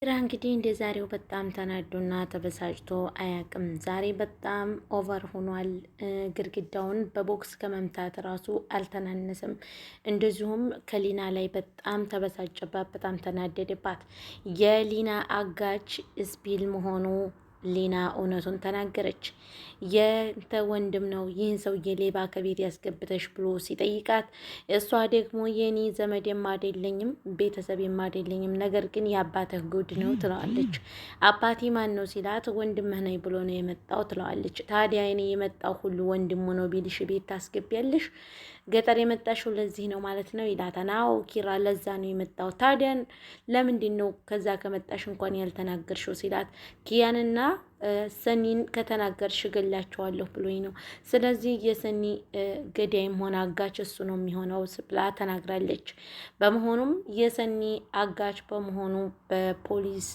ኪራ እንግዲህ እንደ ዛሬው በጣም ተናዶና ተበሳጭቶ አያቅም። ዛሬ በጣም ኦቨር ሆኗል። ግድግዳውን በቦክስ ከመምታት ራሱ አልተናነሰም። እንደዚሁም ከሊና ላይ በጣም ተበሳጨባት፣ በጣም ተናደደባት። የሊና አጋች ስፒል መሆኑ ሊና እውነቱን ተናገረች። የንተ ወንድም ነው ይህን ሰውዬ ሌባ ከቤት ያስገብተሽ ብሎ ሲጠይቃት እሷ ደግሞ የኔ ዘመድ የማደለኝም ቤተሰብ የማደለኝም ነገር ግን የአባትህ ጉድ ነው ትለዋለች። አባቴ ማን ነው ሲላት ወንድምህ ነኝ ብሎ ነው የመጣው ትለዋለች። ታዲያ እኔ የመጣው ሁሉ ወንድሙ ነው ቢልሽ ቤት ታስገቢያለሽ? ገጠር የመጣሽው ለዚህ ነው ማለት ነው ይላታል። አዎ ኪራ፣ ለዛ ነው የመጣው። ታዲያን ለምንድን ነው ከዛ ከመጣሽ እንኳን ያልተናገርሽው ሲላት ኪያንና ሰኒን ከተናገርሽ እገላቸዋለሁ ብሎኝ ነው። ስለዚህ የሰኒ ገዳይም ሆነ አጋች እሱ ነው የሚሆነው ብላ ተናግራለች። በመሆኑም የሰኒ አጋች በመሆኑ በፖሊስ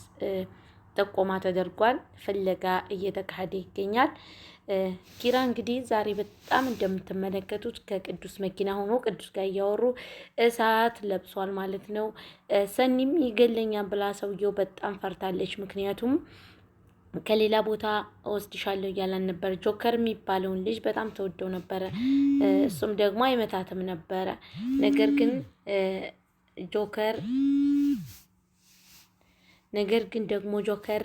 ጥቆማ ተደርጓል። ፍለጋ እየተካሄደ ይገኛል። ኪራ እንግዲህ ዛሬ በጣም እንደምትመለከቱት ከቅዱስ መኪና ሆኖ ቅዱስ ጋር እያወሩ እሳት ለብሷል ማለት ነው። ሰኒም ይገለኛል ብላ ሰውየው በጣም ፈርታለች። ምክንያቱም ከሌላ ቦታ ወስድሻለሁ እያላን ነበር። ጆከር የሚባለውን ልጅ በጣም ተወደው ነበረ። እሱም ደግሞ አይመታትም ነበረ። ነገር ግን ጆከር ነገር ግን ደግሞ ጆከር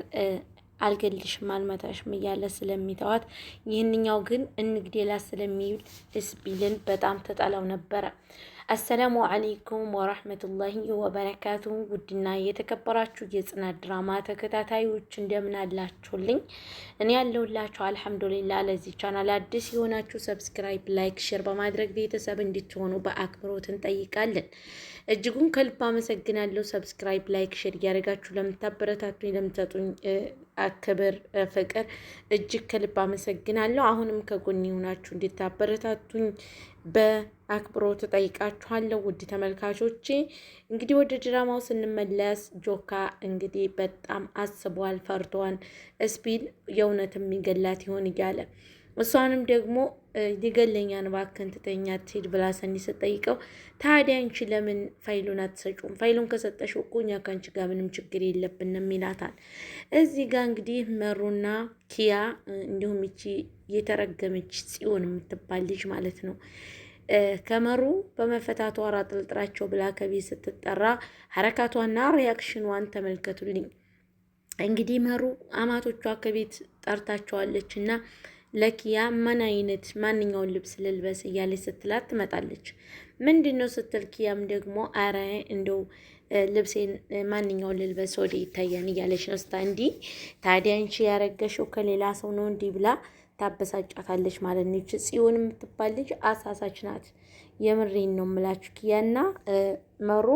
አልገልሽም አልመታሽም እያለ ስለሚተዋት ይህንኛው ግን እንግዴላ ስለሚውል ደስ ቢልን በጣም ተጣላው ነበረ። አሰላሙ አለይኩም ወራህመቱላሂ ወበረካቱ። ውድና የተከበራችሁ የጽናት ድራማ ተከታታዮች እንደምን አላችሁልኝ? እኔ ያለሁላችሁ አልሐምዱሊላ። ለዚህ ቻናል አዲስ የሆናችሁ ሰብስክራይብ፣ ላይክ፣ ሼር በማድረግ ቤተሰብ እንድትሆኑ በአክብሮት እንጠይቃለን። እጅጉን ከልብ አመሰግናለሁ። ሰብስክራይብ፣ ላይክ፣ ሼር እያደረጋችሁ ለምታበረታቱኝ፣ ለምትሰጡኝ ክብር፣ ፍቅር እጅግ ከልብ አመሰግናለሁ። አሁንም ከጎን የሆናችሁ እንድታበረታቱኝ በአክብሮ ተጠይቃችኋለሁ። ውድ ተመልካቾቼ እንግዲህ ወደ ድራማው ስንመለስ ጆካ እንግዲህ በጣም አስቧል፣ ፈርቷን እስቢል የእውነት የሚገላት ይሆን እያለ እሷንም ደግሞ ሊገለኛን እባክህን ትተኛ ትሄድ ብላ ሰኒ ስትጠይቀው፣ ታዲያ አንቺ ለምን ፋይሉን አትሰጩም? ፋይሉን ከሰጠሽ እኮ እኛ ከአንቺ ጋር ምንም ችግር የለብንም ይላታል። እዚህ ጋር እንግዲህ መሩና ኪያ እንዲሁም ይቺ የተረገመች ጽዮን የምትባል ልጅ ማለት ነው ከመሩ በመፈታቷ አጥልጥራቸው ብላ ከቤት ስትጠራ ሀረካቷና ሪያክሽኗን ተመልከቱልኝ። እንግዲህ መሩ አማቶቿ ከቤት ጠርታቸዋለች እና ለኪያ ምን አይነት ማንኛውን ልብስ ልልበስ እያለች ስትላት ትመጣለች። ምንድን ነው ስትል ኪያም ደግሞ አረ እንደው ልብሴን ማንኛውን ልልበስ ወደ ይታያን እያለች ነው ስታ እንዲ ታዲያ አንቺ ያረገሽው ከሌላ ሰው ነው እንዲህ ብላ ታበሳጫታለች ማለት ነው። ጽዮን የምትባል ልጅ አሳሳች ናት። የምሬን ነው ምላችሁ። ኪያና መሮ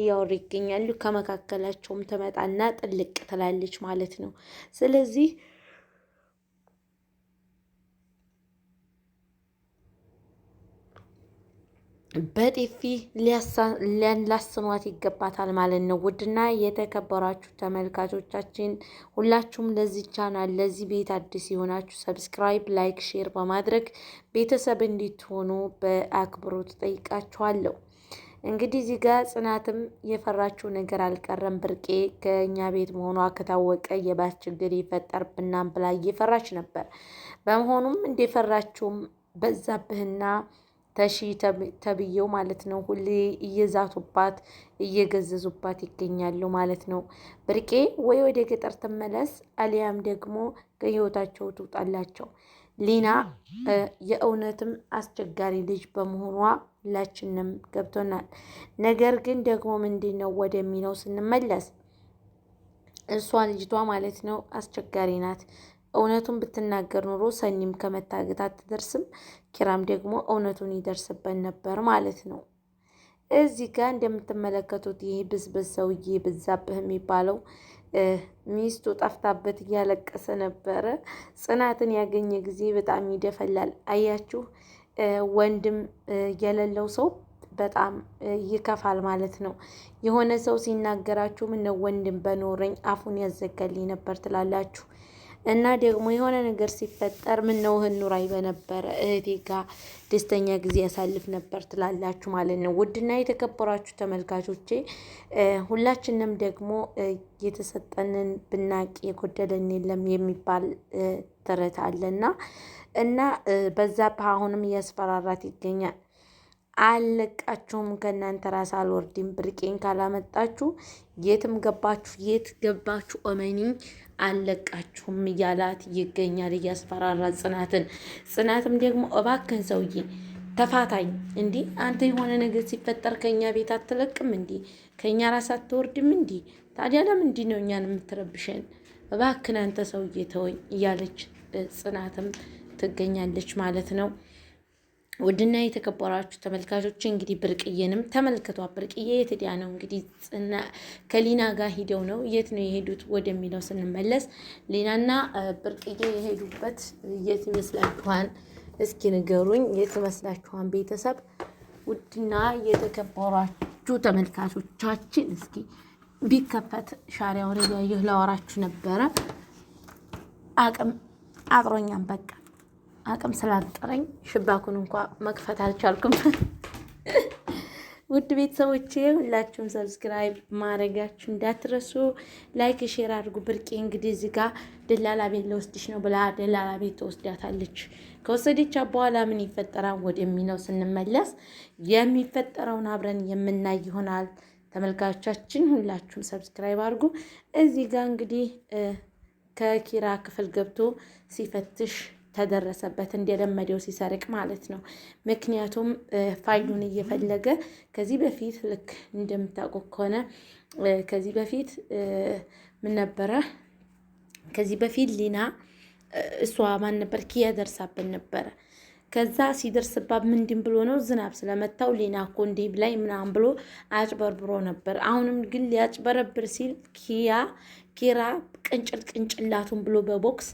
እያወሩ ይገኛሉ። ከመካከላቸውም ትመጣና ጥልቅ ትላለች ማለት ነው። ስለዚህ በጥፊ ሊያስኗት ይገባታል ማለት ነው። ውድና የተከበራችሁ ተመልካቾቻችን ሁላችሁም ለዚህ ቻናል ለዚህ ቤት አዲስ የሆናችሁ ሰብስክራይብ፣ ላይክ፣ ሼር በማድረግ ቤተሰብ እንዲትሆኑ በአክብሮት ጠይቃችኋለሁ። እንግዲህ እዚህ ጋር ጽናትም የፈራችው ነገር አልቀረም። ብርቄ ከእኛ ቤት መሆኗ ከታወቀ የባስ ችግር ይፈጠርብናም ብላ እየፈራች ነበር። በመሆኑም እንደፈራችውም በዛብህና ተሺ ተብዬው ማለት ነው። ሁሌ እየዛቱባት እየገዘዙባት ይገኛሉ ማለት ነው። ብርቄ ወይ ወደ ገጠር ትመለስ አሊያም ደግሞ ከህይወታቸው ትውጣላቸው። ሊና የእውነትም አስቸጋሪ ልጅ በመሆኗ ሁላችንም ገብቶናል። ነገር ግን ደግሞ ምንድን ነው ወደሚለው ስንመለስ እሷ ልጅቷ ማለት ነው አስቸጋሪ ናት። እውነቱን ብትናገር ኑሮ ሰኒም ከመታገት አትደርስም፣ ኪራም ደግሞ እውነቱን ይደርስበት ነበር ማለት ነው። እዚህ ጋር እንደምትመለከቱት ይህ ብዝብዝ ሰውዬ በዛብህ የሚባለው ሚስቱ ጠፍታበት እያለቀሰ ነበረ። ጽናትን ያገኘ ጊዜ በጣም ይደፈላል። አያችሁ፣ ወንድም የሌለው ሰው በጣም ይከፋል ማለት ነው። የሆነ ሰው ሲናገራችሁ ምነው ወንድም በኖረኝ አፉን ያዘጋልኝ ነበር ትላላችሁ። እና ደግሞ የሆነ ነገር ሲፈጠር ምን ነው እህን ኑራይ በነበረ እህቴ ጋ ደስተኛ ጊዜ ያሳልፍ ነበር ትላላችሁ ማለት ነው። ውድና የተከበራችሁ ተመልካቾቼ ሁላችንም ደግሞ የተሰጠንን ብናቅ የጎደለን የለም የሚባል ተረት አለና እና በዛ አሁንም እያስፈራራት ይገኛል። አልለቃችሁም፣ ከእናንተ ራስ አልወርድም። ብርቄን ካላመጣችሁ የትም ገባችሁ የት ገባችሁ ኦመኒ አልለቃችሁም እያላት ይገኛል፣ እያስፈራራ ጽናትን። ጽናትም ደግሞ እባክን ሰውዬ ተፋታኝ እንዲህ አንተ የሆነ ነገር ሲፈጠር ከእኛ ቤት አትለቅም እንዲ ከእኛ ራስ አትወርድም እንዲ ታዲያ ለምንድን ነው እኛን የምትረብሸን? እባክን አንተ ሰውዬ ተወኝ እያለች ጽናትም ትገኛለች ማለት ነው። ውድና የተከበራችሁ ተመልካቾች እንግዲህ ብርቅዬንም ተመልክቷ ብርቅዬ የትዲያ ነው እንግዲህ ጽና ከሊና ጋር ሂደው ነው የት ነው የሄዱት ወደሚለው ስንመለስ ሊናና ብርቅዬ የሄዱበት የት ይመስላችኋን? እስኪ ንገሩኝ። የት ይመስላችኋን? ቤተሰብ ውድና የተከበራችሁ ተመልካቾቻችን እስኪ ቢከፈት ሻሪያውን እያየሁ ላወራችሁ ነበረ። አቅም አጥሮኛም በቃ አቅም ስላጠረኝ ሽባኩን እንኳ መክፈት አልቻልኩም። ውድ ቤተሰቦቼ ሁላችሁም ሰብስክራይብ ማድረጋችሁ እንዳትረሱ፣ ላይክ ሼር አድርጉ። ብርቄ እንግዲህ እዚህ ጋ ደላላ ቤት ለወስድሽ ነው ብላ ደላላ ቤት ተወስዳታለች። ከወሰደቻ በኋላ ምን ይፈጠራል ወደሚለው ስንመለስ የሚፈጠረውን አብረን የምናይ ይሆናል። ተመልካቾቻችን ሁላችሁም ሰብስክራይብ አድርጉ። እዚህ ጋ እንግዲህ ከኪራ ክፍል ገብቶ ሲፈትሽ ተደረሰበት እንደለመደው ሲሰርቅ ማለት ነው። ምክንያቱም ፋይሉን እየፈለገ ከዚህ በፊት ልክ እንደምታውቁ ከሆነ ከዚህ በፊት ምን ነበረ? ከዚህ በፊት ሊና እሷ ማን ነበር ኪያ ደርሳብን ነበረ። ከዛ ሲደርስባት ምንድን ብሎ ነው ዝናብ ስለመታው ሊና እኮ እንዲህ ላይ ምናምን ብሎ አጭበርብሮ ነበር። አሁንም ግን ሊያጭበረብር ሲል ኪያ ኪራ ቅንጭል ቅንጭላቱን ብሎ በቦክስ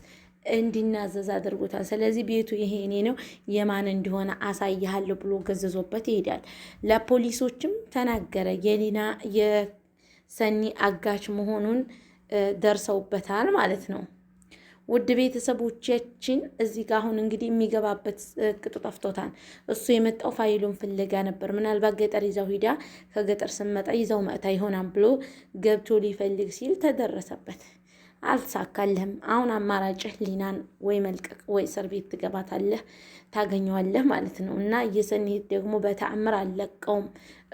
እንዲናዘዝ አድርጎታል። ስለዚህ ቤቱ ይሄ እኔ ነው የማን እንዲሆነ አሳይሃለሁ ብሎ ገዘዞበት ይሄዳል። ለፖሊሶችም ተናገረ። የሊና የሰኒ አጋች መሆኑን ደርሰውበታል ማለት ነው። ውድ ቤተሰቦቻችን እዚህ ጋር አሁን እንግዲህ የሚገባበት ቅጡ ጠፍቶታል። እሱ የመጣው ፋይሉን ፍለጋ ነበር። ምናልባት ገጠር ይዘው ሂዳ ከገጠር ስመጣ ይዘው መእታ ይሆናል ብሎ ገብቶ ሊፈልግ ሲል ተደረሰበት። አልተሳካልህም። አሁን አማራጭህ ሊናን ወይ መልቀቅ ወይ እስር ቤት ትገባታለህ፣ ታገኘዋለህ ማለት ነው። እና የሰኒት ደግሞ በተአምር አልለቀውም።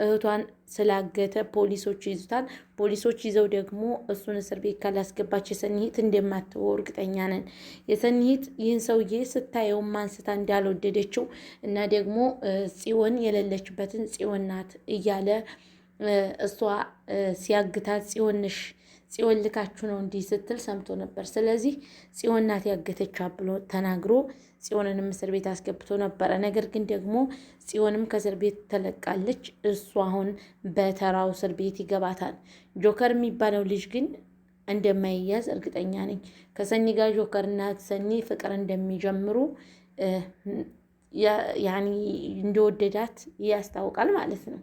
እህቷን ስላገተ ፖሊሶች ይዙታል። ፖሊሶች ይዘው ደግሞ እሱን እስር ቤት ካላስገባች የሰኒት እንደማትወው እርግጠኛ ነን። የሰኒት ይህን ሰውዬ ስታየውም ማንስታ እንዳልወደደችው እና ደግሞ ጽዮን የሌለችበትን ጽዮን ናት እያለ እሷ ሲያግታት ጽዮንሽ ጽዮን ልካችሁ ነው እንዲህ ስትል ሰምቶ ነበር። ስለዚህ ጽዮን ናት ያገተቻ ብሎ ተናግሮ ጽዮንንም እስር ቤት አስገብቶ ነበረ። ነገር ግን ደግሞ ጽዮንም ከእስር ቤት ተለቃለች። እሱ አሁን በተራው እስር ቤት ይገባታል። ጆከር የሚባለው ልጅ ግን እንደማይያዝ እርግጠኛ ነኝ። ከሰኒ ጋር ጆከርና ሰኒ ፍቅር እንደሚጀምሩ ያኔ እንደወደዳት ያስታውቃል ማለት ነው።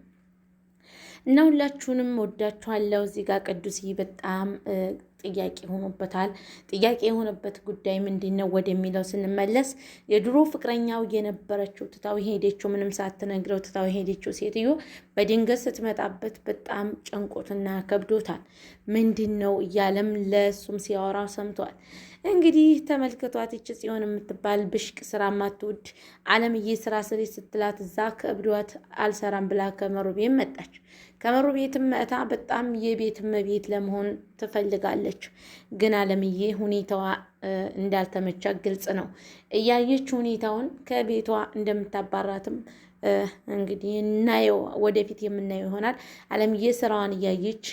እና ሁላችሁንም ወዳችኋለሁ። እዚህ ጋር ቅዱስዬ በጣም ጥያቄ ሆኖበታል። ጥያቄ የሆነበት ጉዳይ ምንድን ነው ወደሚለው ስንመለስ የድሮ ፍቅረኛው የነበረችው ትታው ሄደችው፣ ምንም ሳትነግረው ትታው ሄደችው ሴትዮ በድንገት ስትመጣበት በጣም ጨንቆትና ከብዶታል። ምንድን ነው እያለም ለእሱም ሲያወራ ሰምቷል። እንግዲህ ተመልከቷት። ይች ጽዮን የምትባል ብሽቅ ስራ ማትወድ አለምዬ ስራ ስሬ ስትላት እዛ ከእብዷት አልሰራም ብላ ከመሮቤም መጣች። ከመሩ ቤትም መእታ በጣም የቤት መቤት ለመሆን ትፈልጋለች። ግን አለምዬ ሁኔታዋ እንዳልተመቻ ግልጽ ነው። እያየች ሁኔታውን ከቤቷ እንደምታባራትም እንግዲህ እናየው ወደፊት የምናየው ይሆናል። አለምዬ ስራዋን እያየች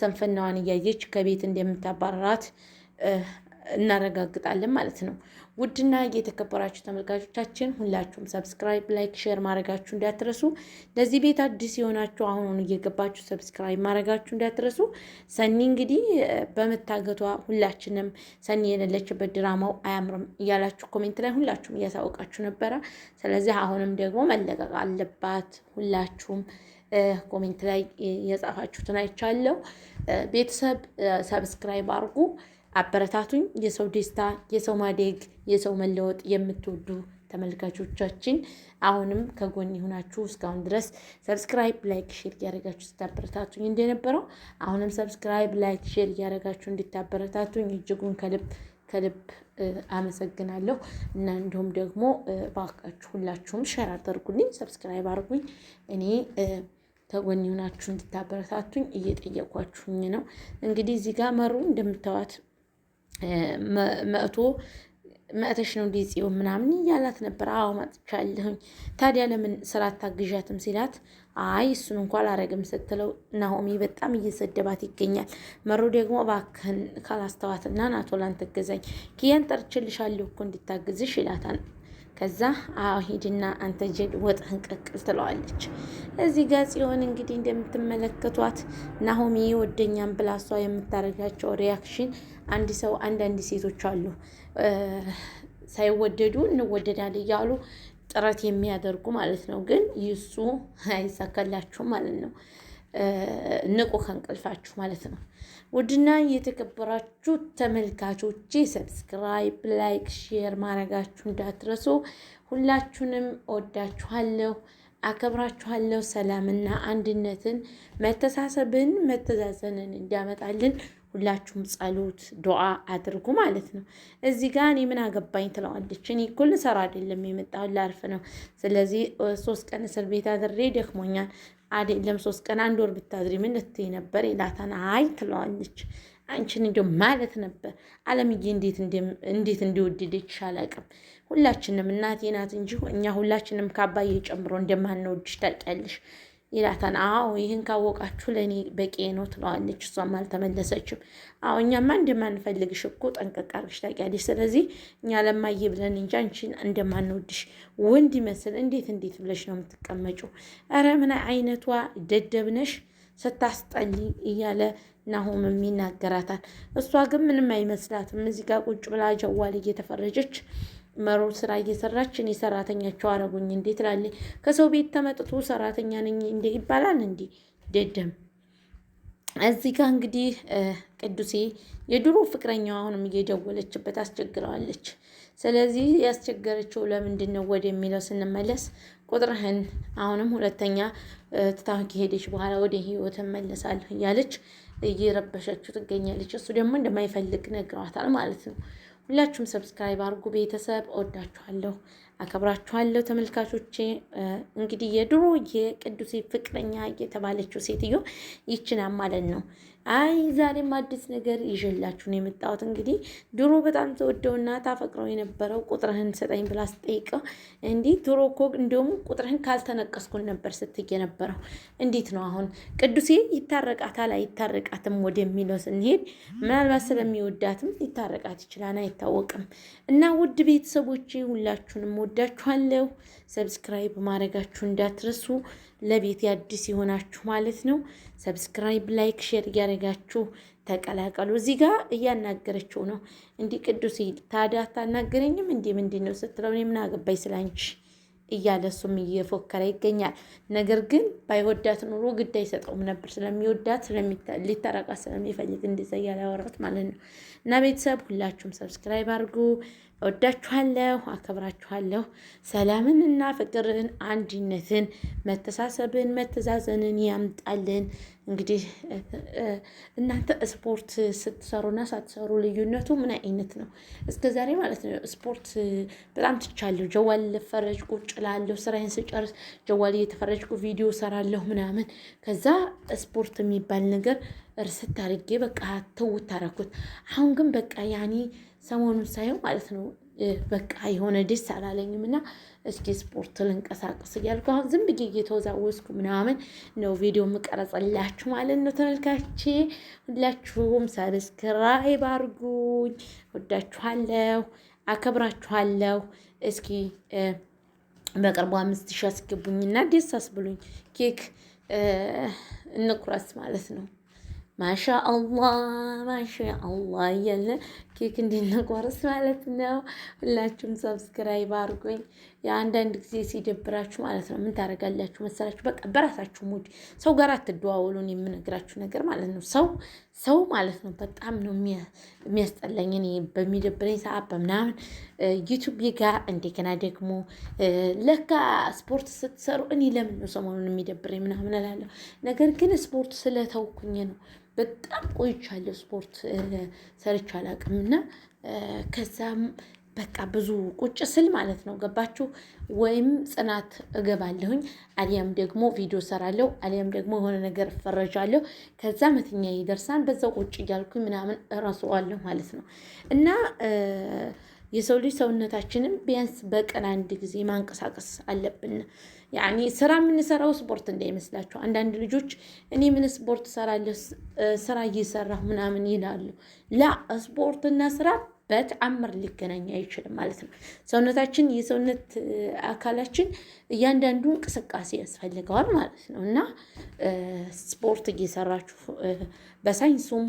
ሰንፈናዋን እያየች ከቤት እንደምታባራት እናረጋግጣለን ማለት ነው። ውድና የተከበራችሁ ተመልካቾቻችን ሁላችሁም ሰብስክራይብ፣ ላይክ፣ ሼር ማድረጋችሁ እንዳትረሱ። ለዚህ ቤት አዲስ የሆናችሁ አሁኑን እየገባችሁ ሰብስክራይብ ማድረጋችሁ እንዳትረሱ። ሰኒ እንግዲህ በመታገቷ ሁላችንም ሰኒ የሌለችበት ድራማው አያምርም እያላችሁ ኮሜንት ላይ ሁላችሁም እያሳወቃችሁ ነበረ። ስለዚህ አሁንም ደግሞ መለቀቅ አለባት ሁላችሁም ኮሜንት ላይ የጻፋችሁትን አይቻለሁ። ቤተሰብ ሰብስክራይብ አድርጉ። አበረታቱኝ። የሰው ደስታ፣ የሰው ማደግ፣ የሰው መለወጥ የምትወዱ ተመልካቾቻችን አሁንም ከጎን የሆናችሁ እስካሁን ድረስ ሰብስክራይብ፣ ላይክ፣ ሼር እያደረጋችሁ ስታበረታቱኝ እንደነበረው አሁንም ሰብስክራይብ፣ ላይክ፣ ሼር እያደረጋችሁ እንድታበረታቱኝ እጅጉን ከልብ ከልብ አመሰግናለሁ እና እንዲሁም ደግሞ እባካችሁ ሁላችሁም ሸር አድርጉልኝ፣ ሰብስክራይብ አድርጉኝ። እኔ ከጎን የሆናችሁ እንድታበረታቱኝ እየጠየኳችሁኝ ነው። እንግዲህ እዚህ ጋር መሩ እንደምታዋት መእቶ መእተሽ ነው እንዴ ጽዮን ምናምን እያላት ነበር። አዎ መጥቻለሁኝ። ታዲያ ለምን ስራ አታግዣትም ሲላት አይ እሱን እንኳ አላረግም ስትለው ናሆሚ በጣም እየሰደባት ይገኛል። መሮ ደግሞ እባክህን ካላስተዋትና ናቶላን ትገዛኝ ኪያን ጠርችልሻለሁ እኮ እንድታግዝሽ ይላታል። ከዛ አሂድና አንተ ጀድ ወጥህን ቀቅል ትለዋለች። እዚህ ጋር ጽዮን እንግዲህ እንደምትመለከቷት ናሆሚ ወደኛም ብላ እሷ የምታደርጋቸው ሪያክሽን አንድ ሰው አንዳንድ ሴቶች አሉ ሳይወደዱ እንወደዳል እያሉ ጥረት የሚያደርጉ ማለት ነው። ግን ይሱ አይሳካላችሁም ማለት ነው። ንቁ ከእንቅልፋችሁ ማለት ነው። ውድና የተከበራችሁ ተመልካቾቼ ሰብስክራይብ፣ ላይክ፣ ሼር ማድረጋችሁ እንዳትረሱ። ሁላችሁንም ወዳችኋለሁ አከብራችኋለሁ። ሰላምና አንድነትን፣ መተሳሰብን፣ መተዛዘንን እንዲያመጣልን ሁላችሁም ጸሎት ዱዓ አድርጉ ማለት ነው። እዚህ ጋር እኔ ምን አገባኝ ትለዋለች። እኔ እኮ ልሰራ አይደለም የመጣሁት ላርፍ ነው። ስለዚህ ሶስት ቀን እስር ቤት አድሬ ደክሞኛል። አይደለም ሶስት ቀን አንድ ወር ብታድሪ ምን ልትይ ነበር ይላታን። አይ ትለዋለች። አንቺን እንዲ ማለት ነበር አለምዬ እንዴት እንደወደደችሽ አላውቅም። ሁላችንም እናቴ ናት እንጂ እኛ ሁላችንም ከአባዬ ጨምሮ እንደማንወድሽ ታውቂያለሽ። ይላታል። አዎ ይህን ካወቃችሁ ለእኔ በቂ ነው ትለዋለች። እሷም አልተመለሰችም። አዎ እኛማ እንደማንፈልግሽ እኮ ጠንቀቅ አድርገሽ ታውቂያለሽ። ስለዚህ እኛ ለማየ ብለን እንጂ አንቺን እንደማንወድሽ ወንድ ይመስል እንዴት እንዴት ብለሽ ነው የምትቀመጩ? ኧረ ምን አይነቷ ደደብነሽ ስታስጠል እያለ ናሆም የሚናገራታል። እሷ ግን ምንም አይመስላትም። እዚህ ጋር ቁጭ ብላ ጀዋል እየተፈረጀች መሮር ስራ እየሰራች እኔ ሰራተኛቸው አረጉኝ እንዴ ትላለች። ከሰው ቤት ተመጥቶ ሰራተኛ ነኝ እንዴ ይባላል እንዴ ደደም። እዚህ ጋር እንግዲህ ቅዱሴ የድሮ ፍቅረኛው አሁንም እየደወለችበት አስቸግረዋለች። ስለዚህ ያስቸገረችው ለምንድን ነው የሚለው ስንመለስ ቁጥርህን አሁንም ሁለተኛ ትታህ ከሄደች በኋላ ወደ ህይወት እመለሳለሁ እያለች እየረበሸችው ትገኛለች። እሱ ደግሞ እንደማይፈልግ ነግረዋታል ማለት ነው። ሁላችሁም ሰብስክራይብ አድርጉ። ቤተሰብ ወዳችኋለሁ፣ አከብራችኋለሁ ተመልካቾቼ። እንግዲህ የድሮ የቅዱሴ ፍቅረኛ የተባለችው ሴትዮ ይችናል ማለት ነው። አይ ዛሬም አዲስ ነገር ይዤላችሁ ነው የመጣሁት። እንግዲህ ድሮ በጣም ተወደውና ታፈቅረው የነበረው ቁጥርህን ሰጠኝ ብላ ስጠይቀው እንዲህ ድሮ እኮ እንዲሁም ቁጥርህን ካልተነቀስኩን ነበር ስትይ የነበረው እንዴት ነው አሁን ቅዱሴ ይታረቃታል አይታረቃትም ወደሚለው ስንሄድ ምናልባት ስለሚወዳትም ሊታረቃት ይችላል፣ አይታወቅም። እና ውድ ቤተሰቦቼ ሁላችሁንም ወዳችኋለሁ። ሰብስክራይብ ማድረጋችሁ እንዳትረሱ። ለቤት አዲስ የሆናችሁ ማለት ነው። ሰብስክራይብ፣ ላይክ፣ ሼር እያደረጋችሁ ተቀላቀሉ። እዚህ ጋር እያናገረችው ነው። እንዲህ ቅዱስ ታዲያ አታናገረኝም እንዲህ ምንድን ነው ስትለው እኔ ምን አገባኝ ስላንቺ እያለ እሱም እየፎከረ ይገኛል። ነገር ግን ባይወዳት ኑሮ ግድ አይሰጠውም ነበር። ስለሚወዳት ሊታረቃት ስለሚፈልግ እንደዚያ እያለ ማለት ነው። እና ቤተሰብ ሁላችሁም ሰብስክራይብ አድርጉ። እወዳችኋለሁ፣ አከብራችኋለሁ። ሰላምንና ፍቅርን፣ አንድነትን፣ መተሳሰብን፣ መተዛዘንን ያምጣልን። እንግዲህ እናንተ ስፖርት ስትሰሩና ሳትሰሩ ልዩነቱ ምን አይነት ነው? እስከ ዛሬ ማለት ነው ስፖርት በጣም ትቻለሁ። ጀዋል ልፈረጅኩ ጭላለሁ። ስራዬን ስጨርስ ጀዋል እየተፈረጅኩ ቪዲዮ ሰራለሁ ምናምን። ከዛ ስፖርት የሚባል ነገር እርስት አድርጌ በቃ ተውት አደረኩት። አሁን ግን በቃ ያኔ ሰሞኑን ሳየው ማለት ነው በቃ የሆነ ደስ አላለኝም እና እስኪ ስፖርት ልንቀሳቀስ እያልኩ አሁን ዝም ብዬ እየተወዛወዝኩ ምናምን ነው ቪዲዮ የምቀረጽላችሁ ማለት ነው። ተመልካቼ ሁላችሁም ሰብስክራይብ አርጉኝ ወዳችኋለሁ፣ አከብራችኋለሁ። እስኪ በቅርቡ አምስት አስገቡኝ አስገቡኝና ደስ አስብሉኝ። ኬክ እንቁረስ ማለት ነው። ማሻ አላህ ማሻ አላህ እያለ ኬክ እንድንቆርስ ማለት ነው። ሁላችሁም ሰብስክራይብ አድርጉኝ። አንዳንድ ጊዜ ሲደብራችሁ ማለት ነው ምን ታደርጋላችሁ መሰላችሁ? በቃ በራሳችሁ ሙድ ሰው ጋር አትደዋወሉን የምነግራችሁ ነገር ማለት ነው። ሰው ሰው ማለት ነው በጣም ነው የሚያስጠላኝ። እኔ በሚደብረኝ ሰዓት በምናምን ዩቱብ ጋር እንደገና ደግሞ ለካ ስፖርት ስትሰሩ እኔ ለምን ነው ሰሞኑን የሚደብረኝ ምናምን እላለሁ። ነገር ግን ስፖርት ስለተውኩኝ ነው በጣም ቆይቻለሁ ስፖርት ሰርች አላቅም እና ከዛም በቃ ብዙ ቁጭ ስል ማለት ነው ገባችሁ ወይም ጽናት እገባለሁኝ አሊያም ደግሞ ቪዲዮ ሰራለሁ አሊያም ደግሞ የሆነ ነገር እፈረጃለሁ። ከዛ መተኛ ይደርሳን በዛው ቁጭ እያልኩኝ ምናምን እረሳዋለሁ ማለት ነው እና የሰው ልጅ ሰውነታችንም ቢያንስ በቀን አንድ ጊዜ ማንቀሳቀስ አለብን። ያኔ ስራ የምንሰራው ስፖርት እንዳይመስላችሁ። አንዳንድ ልጆች እኔ ምን ስፖርት ሰራለሁ ስራ እየሰራሁ ምናምን ይላሉ። ላ ስፖርትና ስራ በተአምር ሊገናኝ አይችልም ማለት ነው። ሰውነታችን የሰውነት አካላችን እያንዳንዱ እንቅስቃሴ ያስፈልገዋል ማለት ነው እና ስፖርት እየሰራችሁ በሳይንሱም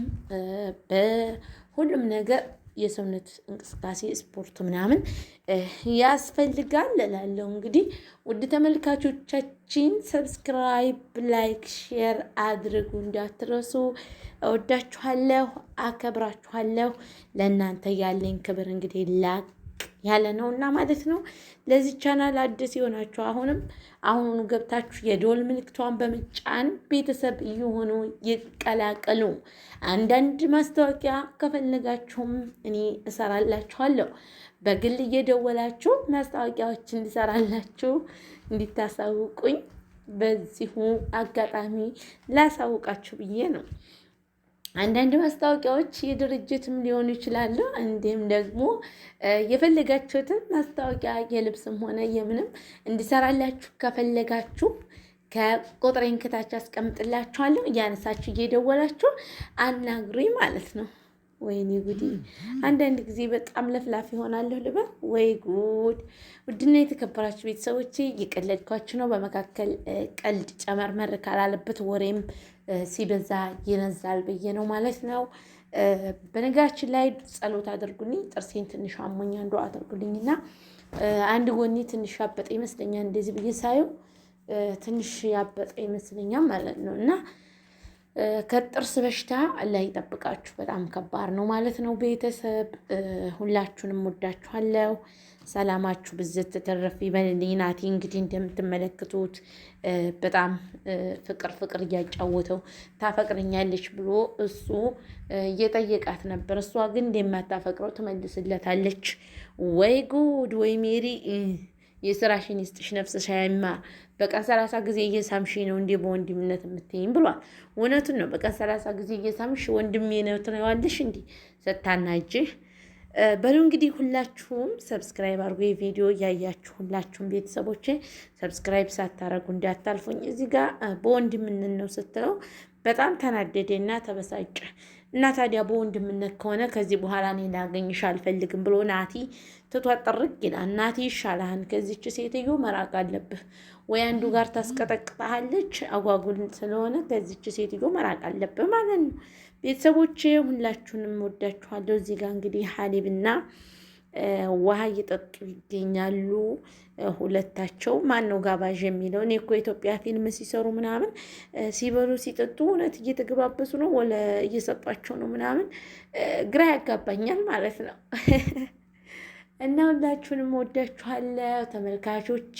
በሁሉም ነገር የሰውነት እንቅስቃሴ ስፖርት ምናምን ያስፈልጋል እላለሁ። እንግዲህ ውድ ተመልካቾቻችን ሰብስክራይብ፣ ላይክ፣ ሼር አድርጉ እንዳትረሱ። እወዳችኋለሁ፣ አከብራችኋለሁ። ለእናንተ ያለኝ ክብር እንግዲህ ላክ ያለ ነው እና ማለት ነው። ለዚህ ቻናል አዲስ የሆናችሁ አሁንም አሁኑ ገብታችሁ የዶል ምልክቷን በምጫን ቤተሰብ እየሆኑ ይቀላቀሉ። አንዳንድ ማስታወቂያ ከፈለጋችሁም እኔ እሰራላችኋለሁ። በግል እየደወላችሁ ማስታወቂያዎች እንዲሰራላችሁ እንዲታሳውቁኝ በዚሁ አጋጣሚ ላሳውቃችሁ ብዬ ነው። አንዳንድ ማስታወቂያዎች የድርጅትም ሊሆኑ ይችላሉ። እንዲሁም ደግሞ የፈለጋችሁትን ማስታወቂያ የልብስም ሆነ የምንም እንዲሰራላችሁ ከፈለጋችሁ ከቁጥሬን ከታች አስቀምጥላችኋለሁ። እያነሳችሁ እየደወላችሁ አናግሩኝ ማለት ነው። ወይኔ ጉዲ! አንዳንድ ጊዜ በጣም ለፍላፊ ይሆናለሁ ልበል። ወይ ጉድ! ውድና የተከበራችሁ ቤተሰቦቼ እየቀለድኳችሁ ነው። በመካከል ቀልድ ጨመርመር ካላለበት ወሬም ሲበዛ ይነዛል ብዬ ነው ማለት ነው። በነገራችን ላይ ጸሎት አድርጉልኝ። ጥርሴን ትንሽ አሞኛ እንዶ አድርጉልኝ እና አንድ ጎኒ ትንሽ ያበጠ ይመስለኛል። እንደዚህ ብዬ ሳየው ትንሽ ያበጠ ይመስለኛል ማለት ነው እና ከጥርስ በሽታ ላይ ይጠብቃችሁ። በጣም ከባድ ነው ማለት ነው። ቤተሰብ ሁላችሁንም ወዳችኋለሁ። ሰላማችሁ ብዝት ተተረፍ ይበልልኝ። ናቲ እንግዲህ እንደምትመለክቱት በጣም ፍቅር ፍቅር እያጫወተው ታፈቅረኛለች ብሎ እሱ እየጠየቃት ነበር። እሷ ግን እንደማታፈቅረው ትመልስለታለች። ወይ ጉድ! ወይ ሜሪ የስራሽን ይስጥሽ። ነፍስ ሻያማ በቀን ሰላሳ ጊዜ እየሳምሽ ነው እንዴ በወንድምነት የምትይኝ ብሏል። እውነቱን ነው። በቀን ሰላሳ ጊዜ እየሳምሽ ወንድሜ ነው ትለዋለሽ እንዴ ስታናጅህ በሉ እንግዲህ ሁላችሁም ሰብስክራይብ አድርጎ የቪዲዮ እያያችሁ ሁላችሁም ቤተሰቦቼ ሰብስክራይብ ሳታረጉ እንዳታልፉኝ። እዚህ ጋር በወንድምነት ነው ስትለው በጣም ተናደደ እና ተበሳጨ እና ታዲያ በወንድምነት ከሆነ ከዚህ በኋላ እኔ ላገኝሽ አልፈልግም ብሎ ናቲ ትቷት ይላል። ናቲ ከዚች ሴትዮ መራቅ አለብህ፣ ወይ አንዱ ጋር ታስቀጠቅጠሃለች፣ አጓጉል ስለሆነ ከዚች ሴትዮ መራቅ አለብህ ማለት ነው። ቤተሰቦች ሁላችሁንም ወዳችኋለሁ። እዚህ ጋር እንግዲህ ሀሊብና ውሃ እየጠጡ ይገኛሉ። ሁለታቸው ማን ነው ጋባዥ የሚለው? እኔ እኮ ኢትዮጵያ ፊልም ሲሰሩ ምናምን ሲበሉ ሲጠጡ እውነት እየተገባበሱ ነው ወለ እየሰጧቸው ነው ምናምን ግራ ያጋባኛል ማለት ነው። እና ሁላችሁንም ወዳችኋለሁ ተመልካቾቼ።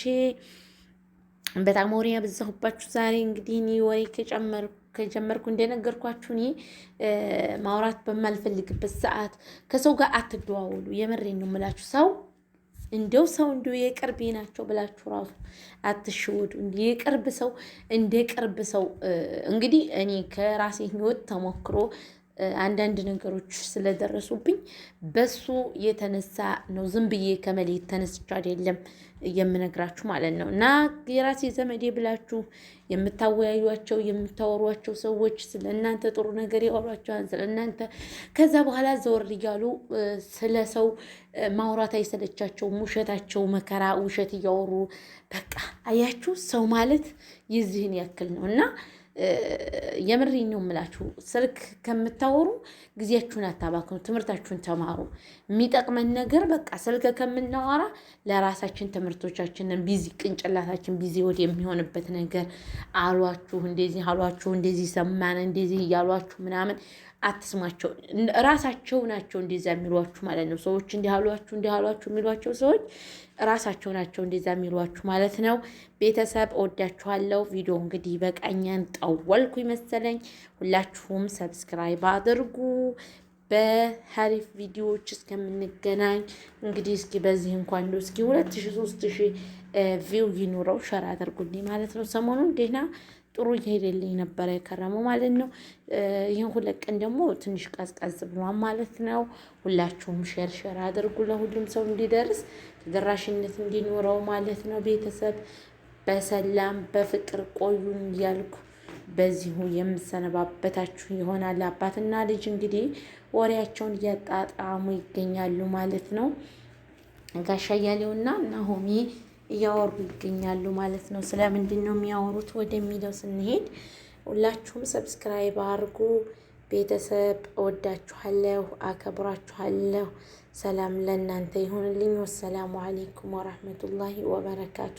በጣም ወሬ ያበዛሁባችሁ ዛሬ እንግዲህ እኔ ወሬ ከጨመርኩ ከጀመርኩ እንደነገርኳችሁ እኔ ማውራት በማልፈልግበት ሰዓት ከሰው ጋር አትደዋወሉ። የመሬን ነው የምላችሁ። ሰው እንደው ሰው እንዲ የቅርቤ ናቸው ብላችሁ ራሱ አትሸወዱ። የቅርብ ሰው እንደ ቅርብ ሰው እንግዲህ እኔ ከራሴ ህይወት ተሞክሮ አንዳንድ ነገሮች ስለደረሱብኝ በሱ የተነሳ ነው። ዝም ብዬ ከመሌት ተነስቼ አይደለም የምነግራችሁ ማለት ነው። እና የራሴ ዘመዴ ብላችሁ የምታወያዩቸው የምታወሯቸው ሰዎች ስለ እናንተ ጥሩ ነገር ያወሯቸዋል፣ ስለ እናንተ ከዛ በኋላ ዘወር እያሉ ስለ ሰው ማውራት አይሰለቻቸው ውሸታቸው መከራ ውሸት እያወሩ በቃ አያችሁ፣ ሰው ማለት የዚህን ያክል ነው እና የምሬን ነው የምላችሁ። ስልክ ከምታወሩ ጊዜያችሁን አታባክኑ፣ ትምህርታችሁን ተማሩ። የሚጠቅመን ነገር በቃ ስልክ ከምናወራ ለራሳችን ትምህርቶቻችንን ቢዚ ቅንጭላታችን ቢዚ ወድ የሚሆንበት ነገር አሏችሁ፣ እንደዚህ አሏችሁ፣ እንደዚህ ሰማን፣ እንደዚህ እያሏችሁ ምናምን አትስማቸው። ራሳቸው ናቸው እንደዛ የሚሏችሁ ማለት ነው። ሰዎች እንዲህሏችሁ እንዲህሏችሁ የሚሏቸው ሰዎች ራሳቸው ናቸው እንደዛ የሚሏችሁ ማለት ነው። ቤተሰብ እወዳችኋለሁ። ቪዲዮ እንግዲህ በቃኛን ጠወልኩ ይመሰለኝ። ሁላችሁም ሰብስክራይብ አድርጉ። በሀሪፍ ቪዲዮዎች እስከምንገናኝ እንግዲህ እስኪ በዚህ እንኳን እስኪ ሁለት ሺ ሶስት ሺ ቪው ይኑረው ሸር አድርጉልኝ ማለት ነው። ሰሞኑን ደህና ጥሩ እየሄደልኝ ነበረ የከረመው ማለት ነው። ይህን ሁለት ቀን ደግሞ ትንሽ ቀዝቀዝ ብሏን ማለት ነው። ሁላችሁም ሼር ሼር አድርጉ ለሁሉም ሰው እንዲደርስ ተደራሽነት እንዲኖረው ማለት ነው። ቤተሰብ በሰላም በፍቅር ቆዩን እያልኩ በዚሁ የምሰነባበታችሁ ይሆናል። አባትና ልጅ እንግዲህ ወሬያቸውን እያጣጣሙ ይገኛሉ ማለት ነው። ጋሻ እያሌውና ናሆሚ እያወሩ ይገኛሉ ማለት ነው። ስለምንድን ነው የሚያወሩት ወደሚለው ስንሄድ ሁላችሁም ሰብስክራይብ አድርጉ። ቤተሰብ እወዳችኋለሁ፣ አከብራችኋለሁ። ሰላም ለእናንተ ይሁንልኝ። ወሰላሙ አሌይኩም ወረህመቱላሂ ወበረካቱ።